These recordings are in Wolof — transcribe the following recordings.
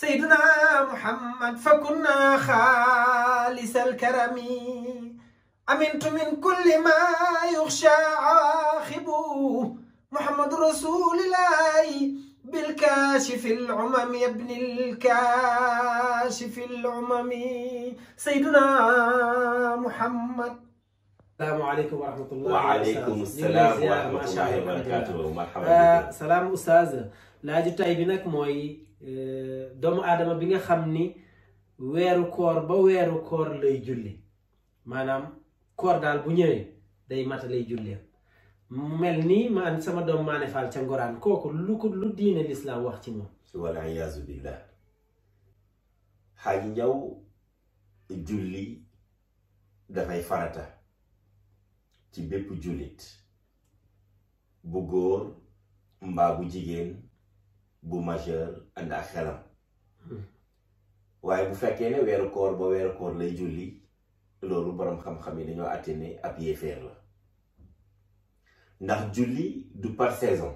سيدنا محمد فكنا خالص الكرم أمنت من كل ما يخشى عاخبه محمد رسول الله بالكاشف العمم يا ابن الكاشف العمم سيدنا محمد salaamaaleykum wa rahmatulah. waaleykum salaam wa rahmatulah. macha allah salaam ustaz laaju tay bi nag mooy. Euh, doomu aadama bi nga xam ni weeru koor ba weeru koor lay julli maanaam koor daal bu ñëwee day mata lay julli mu mel nii man sama doom maane faal ca ngoraan kooku lu ko lu diine lislaam wax ci moom walla iyaazu billaah xaaji njaw julli dafay farata ci bépp jullit bu góor mbaa bu jigéen bu majeur ànd xelam hmm. waaye bu fekkee ne weeru koor ba weeru koor lay julli loolu boroom xam-xam yi dañoo àtte ne ab yéeféer la ndax julli du par saison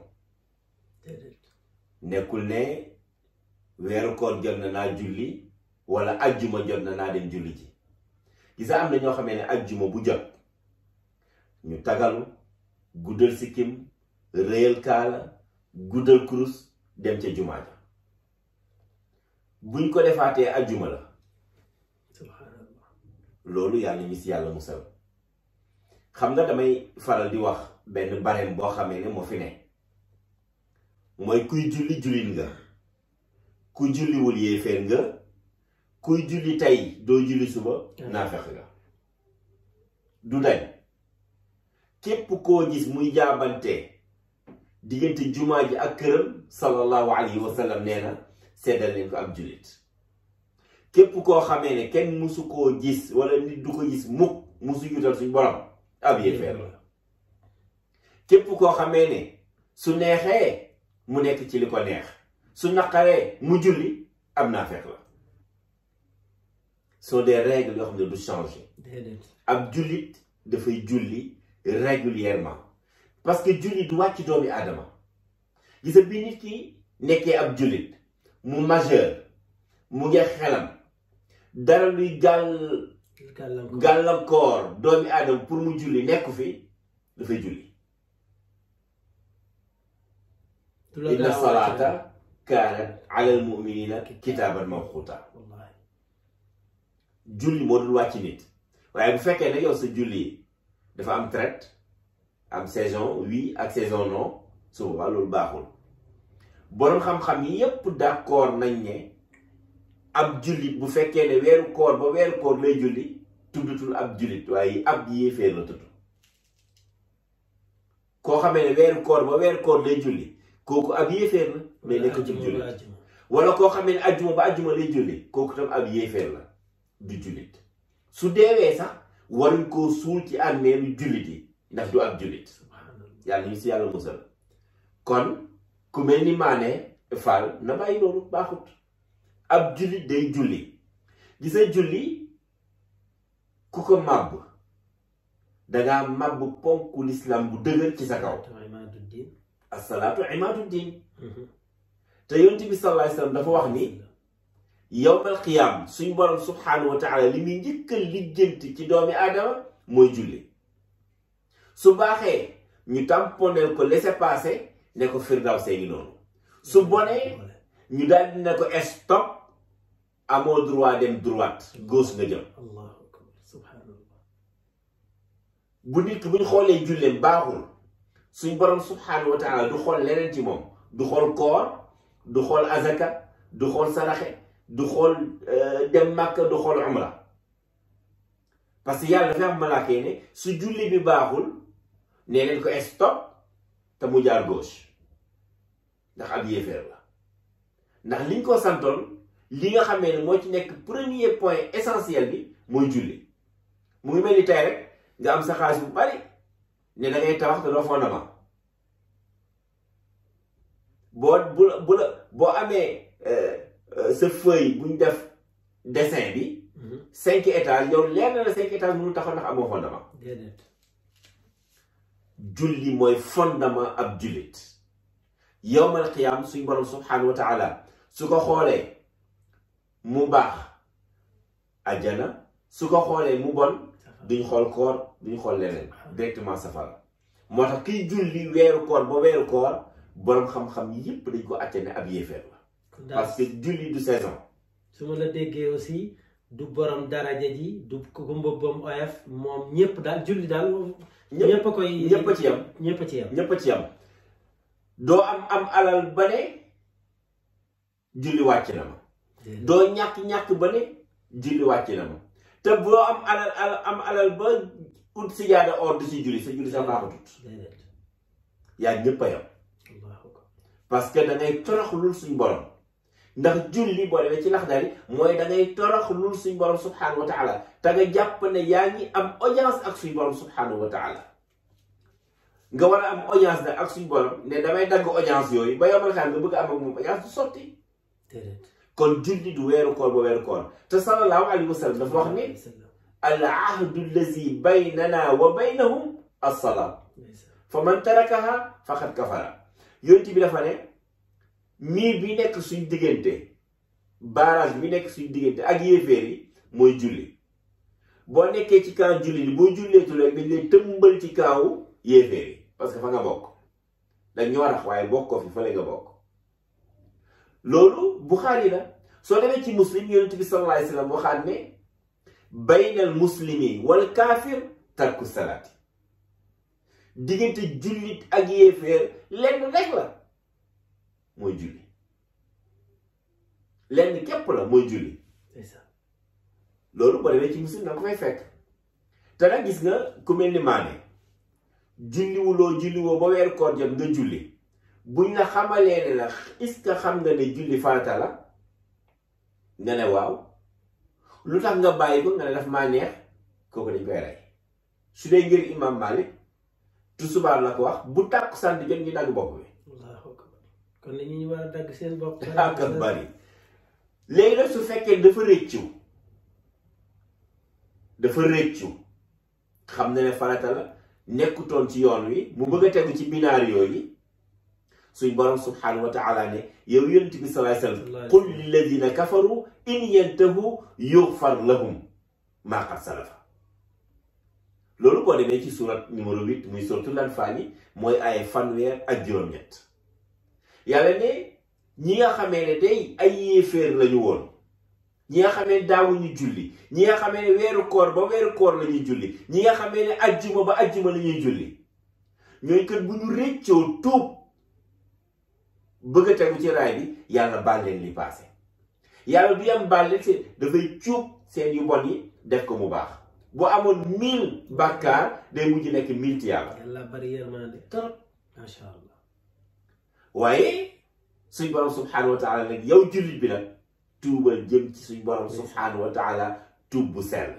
nekkul ne weeru koor jot na naa julli wala ajjuma jot na naa dem julli ji gisa am na ñoo xamee ne ajjuma bu jot ñu tagalu guddal sikkim réyal kaala guddal kurus dem ca jumaa ja buñ ko defaatee ajjuma la loolu yàlla ñu si yàlla musal xam nga damay faral di wax benn barem boo xam ne moo fi ne mooy kuy julli jullit nga ku julliwul yéeféer nga kuy julli tey doo julli suba naafeq nga du dañ képp koo gis muy jaabante diggante jumaa ji ak këram sallallahu alayhi wa sallam nee na seddal leen ko ab jullit képp koo xamee ne kenn musu koo gis wala nit du ko gis mukk musu yutal suñ borom ab yéefeer la képp koo xamee ne su neexee mu nekk ci li ko neex su naqaree mu julli am naa fekk la sont des règles yoo xam ne du changer ab jullit dafay julli régulièrement parce que jullit du wàcc doomi adama gisa bi nit ki nekkee ab jullit mu majeur mu ngi xelam dara luy gàll gàllankoor doomi aadama pour mu julli nekku fi dafay julli inna salaata kaanat alal muminina kitaaban mawquta julli moo dul wàcc nit waaye bu fekkee ne yow sa julli dafa am traite am saison oui ak saison non su boobaa loolu baaxul boroom xam-xam yi yépp d'accord nañ ne ab jullit bu fekkee ne weeru koor ba weeru koor lay julli tuddutul ab jullit ne weeru koor ba weeru koor lay julli kooku ab yéeféer la mais nekk ci jullit wala koo xamee ne ajjuma ba ajjuma lay julli kooku tam ab yéeféer la du jullit su deewee sax waruñ koo suul ci armeelu jullit yi ndax du ab jullit yàlla ñu si yàlla musal kon ku mel ni Mané Fall na bàyyi loolu baaxut ab jullit day julli gisa julli ku ko màbb dangaa màbb ponku lislaam bu dëgër ci sa kaw asalaatu imaadu diin te yonent bi sallallahu alayhi wasallam dafa wax ni yowmal qiyaam suñ borom subhaanahu wa taala li muy njëkk a lijjanti ci doomi aadama mooy julli su baaxee ñu tamponeel ko laisser passer ne ko firdaw see ngi noonu su bonee ñu daal ne ko stop amoo droit dem droite gauche nga jëm bu nit ki buñ xoolee julleem baaxul suñ borom subhanahu wa du xool leneen ci moom du xool koor du xool azaka du xool saraxe du xool euh, dem màkka du xool umra parce que yàlla dafa am ne su julli bi baaxul nee leen ko stop te mu jaar gauche ndax ab yéeféer la ndax liñ ko santoon li nga xamee ne moo ci nekk premier point essentiel bi muy julli mu ngi mel ni tey rek nga am sa xaalis bu bari ne da ngay te doo fondement boo bu la bu la boo amee euh, euh, sa feuille bu def dessin bi. Mhm. cinq étages yow leer na la cinq étages mënul taxaw ndax amoo fondement. julli mooy fondement ab jullit yowmal qiyaam suñ borom subxanahu wa taala su ko xoolee mu baax ajana su ko xoolee mu bon duñ xool koor duñ xool leneen directement safara moo tax kiy julli weeru koor ba weeru koor borom xam-xam yépp dañ ko àtte ne ab yéefeer la. parce que julli du saison. su ma la déggee aussi du borom daraja ji du ko mboboom oyof moom ñépp daal julli daal. ñëpp a koy ñëpp a ci yem ñëpp a ci yem ñëpp a ci yem doo am am alal ba ne julli wàcc na ma doo ñàkk-ñàkk ba ne julli wàcc na ma te boo am alal am alal ba ut si jaada or du si julli sa julli sax baaxutut yaa ñëpp a yem parce que da ngay toroxlul suñu borom ndax julli boo demee ci laxdari mooy da ngay torox lul suñ borom subhaanahu wa taala te nga yaa ngi am audience ak suñ borom subhaanahu wa taala nga war a am audience nag ak suñ borom ne damay dagg audience yooyu ba yombal xaar nga bëgg a am ak moom audience du sotti kon julli du weeru koor ba weeru koor te sallallahu alayhi wa sallam dafa wax ni al ahdu allazi baynana wa baynahum as-salaat fa man tarakaha faqad kafara yonent bi dafa ne miir bi nekk suñ diggante barrage bi nekk suñ diggante ak yéeféer yi mooy julli boo nekkee ci camp julli bi boo julleetu rek dañ lay tëmbal ci campu yéeféer yi parce que fa nga bokk dañ ñoo rax waaye bokkoo fi fële nga bokk loolu Buxaari la soo demee ci muslim yonent bi sallallahu alayhi wa sallam waxaat ne baynal muslimi wal kaafir tarku salaati diggante jullit ak yéeféer lenn rek la mooy julli lenn képp la mooy julli. loolu boo demee ci muslim na ko fekk te nag gis nga ku mel ni maane julliwuloo julliwoo ba weer koor jot nga julli buñ la xamalee ne la est-ce xam nga ne julli farata la nga ne waaw lu tax nga bàyyi ko nga ne daf maa neex kooku dañ koy rey su dee ngir imam Malik tusubaar la ko wax bu tàkkusaan di jot ñu dagg bopp bi. kon dañu ñu war a dagg seen bopp. ak ah, bari su fekkee dafa rëccu dafa rëccu xam na ne farata la nekkutoon ci yoon wi mu bëgg a tegu ci binaar yooyu suñ borom subhanahu wa taala ne yow yonent bi sallallahu alayhi wa sallam qul lilladina kafaru in yantahu yughfar lahum ma qad loolu boo demee ci surat numéro huit muy suratul Anfaal mooy ay fanweer ak juróom-ñett yàlla ne ñi nga xamee ne day ay yéeféer lañu woon ñi nga xamee ne daawuñu julli ñi nga xamee ne weeru koor ba weeru koor lañuy julli ñi nga xamee ne ajjuma ba ajjuma lañuy julli ñooy kat bu ñu réccoo tuub bëgg a tegu ci raay bi yàlla baal leen li paase yàlla du yam baal seen dafay cuub seen yu bon yi def ko mu baax bu amoon mille bàkkaar day mujj nekk mille ci yàlla. yàlla bari yërmande trop macha allah. waaye suñ borom subxanahu wa taala nag yow jullit bi nag tuubal jëm ci suñ borom subxanahu wa taala ya bu sell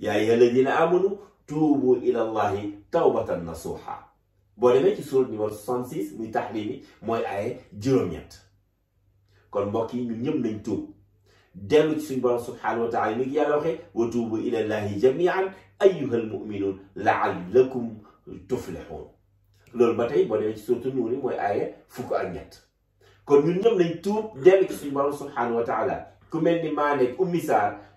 yaa ayyuha alladina amanu tuubu ila allahi tawbatan nasuha boo demee ci surat numéro 66 muy mooy ay juróom-ñett kon mbokk yi ñun ñëpp nañ tuub dellu ci suñ borom subxanahu wa taala ni loolu ba tey boo demee ci surtout nuuri mooy aaya fukk ak ñett kon ñun ñoom nañ tuub dellu ci suñu borom subhaanahu ku mel ni maa nekk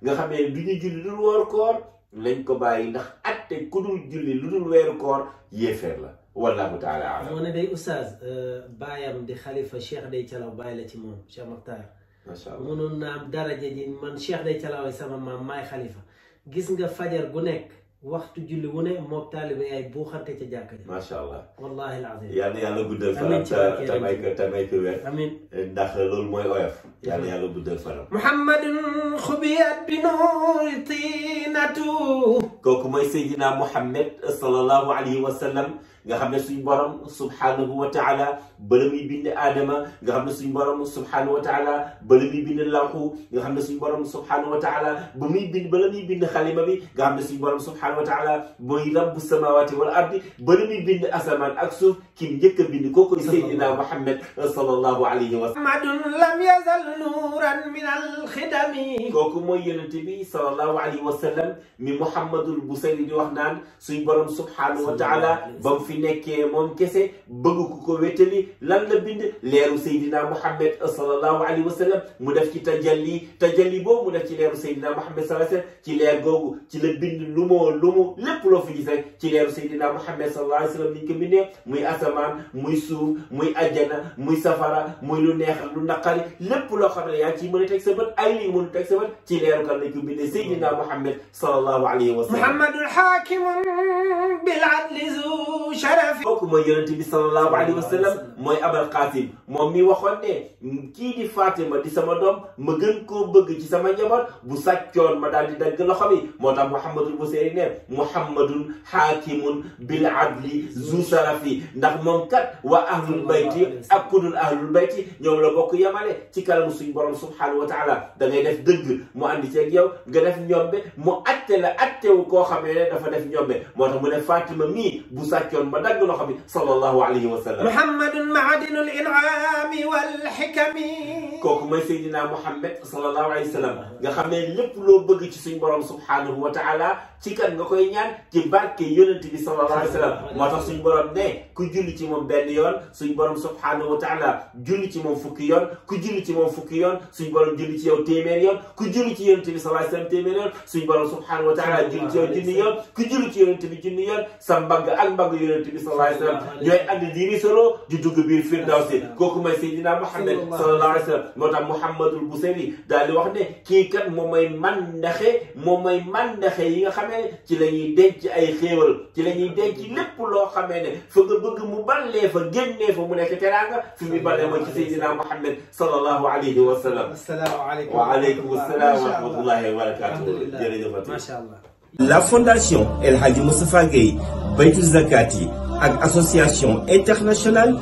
nga xam ne du ñu julli lu dul woor koor lañ ko bàyyi ndax atte ku dul julli lu la wallahu taala alam moo ne day oustaz euh, baayam di xalifa cheikh day calaw bàyyi la ci moom cheikh Makhtar macha allah daraja ji man cheikh day calaw sama maam maay xalifa gis nga fajar gu nekk waxtu julli wu ne moom taalibe yaay buuxante ca jàkka ji. macha allah wallaahi alazim. yal na yàlla guddal fanam te te may ko te may ko wér. amiin ndax loolu mooy oyof. yal na yàlla guddal fanam. muhammadun xubiyat bi nuuri tinatu. kooku mooy Seydina Mouhamed sallallahu alayhi wa sallam. nga xam ne suñ borom subhanahu wa taala bala muy bind aadama nga xam ne suñ borom subhanahu wa taala bala muy bind lawxu nga xam ne suñ borom subhanahu wa taala ba muy bind bala muy bind xalima bi nga xam ne suñ borom subhanahu wa taala mooy rabbu samawati wal ardi bala muy bind asamaan ak suuf ki njëkk a bind kooku sayyidina Muhammad sallallahu alayhi wa sallam Muhammadun lam yazal nuran min alxidami kooku mooy yonente bi sallallahu alayhi wa sallam mi Muhammadul Busayri di wax naan suñ borom subhanahu wa taala bam fi fi nekkee moom kese bëgg ku ko wéttali lan la bind leeru Seydina Muhammad sallallahu alayhi wa sallam mu def ci tajalli tajalli boobu mu def ci leeru Seydina Muhammad sallallahu alayhi wa sallam ci leer googu ci la bind lumoo lumoo lépp loo fi gis rek ci leeru Seydina Muhammad sallallahu alayhi wa sallam niñ ko bindee muy asamaan muy suuf muy ajjana muy safara muy lu neex lu naqari lépp loo xam ne yaa ngi ciy mën a teg sa bët ay li mën a teg sa bët ci leeru kan lañ ko bindee Seydina Muhammad sallallahu alayhi wa sallam. Muhammadul Hakim bil adli zu sharafi kooku mooy yonent bi sallallahu alayhi wa sallam mooy abal qaasim moom mi waxoon ne kii di Fatima di sama doom ma gën koo bëgg ci sama njaboot bu sàccoon ma daal di dagg loxo bi moo tax Mouhamadul Busayri ne Mouhamadun xaakimun bil adli zu sarafi ndax moom kat waa ahlul bayti ak ku dul ahlul bayti ñoom la bokk yemale ci kalamu suñ borom subhanahu wa taala da ngay def dëgg mu andi ceeg yow nga def ñombe mu atte la attewu koo xamee ne dafa def ñombe moo tax mu ne Fatima mii bu sàccoon ba dagg loxo bi sallallahu alayhi wa sallam muhammadun maadinul in'ami wal hikami kooku mooy Seydina Muhammad sallallahu alayhi wa sallam nga xam ne lépp loo bëgg ci suñ borom subhanahu wa taala ci kan nga koy ñaan ci barke yonent bi sallallahu alayhi wa sallam moo tax suñ borom ne ku julli ci moom benn yoon suñ borom subhanahu wa taala julli ci moom fukki yoon ku julli ci moom fukki yoon suñ borom julli ci yow téeméer yoon ku julli ci yonent bi sallallahu alayhi wa sallam téeméer yoon suñ borom subhanahu wa taala julli ci yow junni yoon ku julli ci yonent bi junni yoon sa mbagg ak mbagg yonent yonent bi sallallahu alayhi wa sallam ñooy andi diini solo di dugg biir firdawsi kooku mooy Seydina Muhammad sallallahu alayhi wa sallam moo tax Muhammadul Busayri daal di wax ne kii kat moom mooy man ndaxe moom mooy man ndaxe yi nga xamee ci la ñuy denc ay xéewal ci la ñuy denc lépp loo xamee ne fa nga bëgg mu ballee fa génnee fa mu nekk teraanga fi mu ballee mooy ci Seydina Muhammad sallallahu alayhi wa sallam. asalaamaaleykum wa rahmatullahi wa barakatuh jërëjëf. macha allah la fondation El Hadji Moustapha Gueye baytul yi ak association internationale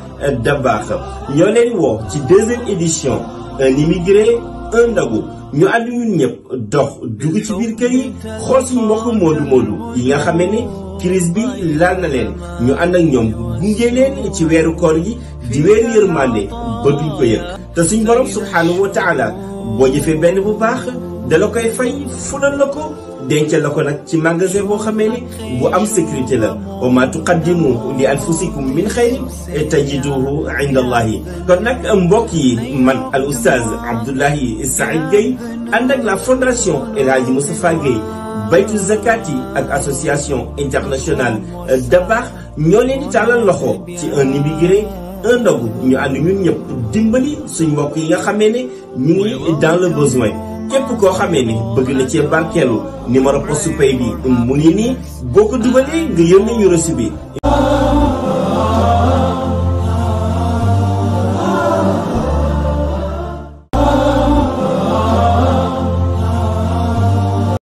Dabakh ñoo leen woo ci deuxième édition un immigré ndagu ñu àddu ñun dox dugg ci biir kër yi xool suñu mbokk moodu moodu yi nga xamee ne crise bi laal na leen ñu ànd ak ñoom gunge leen ci weeru koor yi di weeru yërmande ba duñ ko yëg te suñ borom subhaanahu wa boo jëfee benn bu baax dala koy fay fulal la ko dencal la ko nag ci magasin boo xamee ni bu am sécurité la wa ma tuqaddimu li anfusikum min xayrin tajiduhu inda allahi kon nag mbokk yi man al oustaz Abdoulaye Saïd Gueye ànd ak la fondation El Hadj Moustapha Gueye baytu zakat yi ak association internationale Dabakh ñoo leen di tàllal loxo ci un immigré un ndogu ñu ànd ñun ñëpp dimbali suñ mbokk yi nga xamee ne ñu ngi dans le besoin képp koo xamee ni bëgg na cee barkeelu numéro postpay bi mu ngi nii boo ko dugalee nga yónnee ñu reçu bi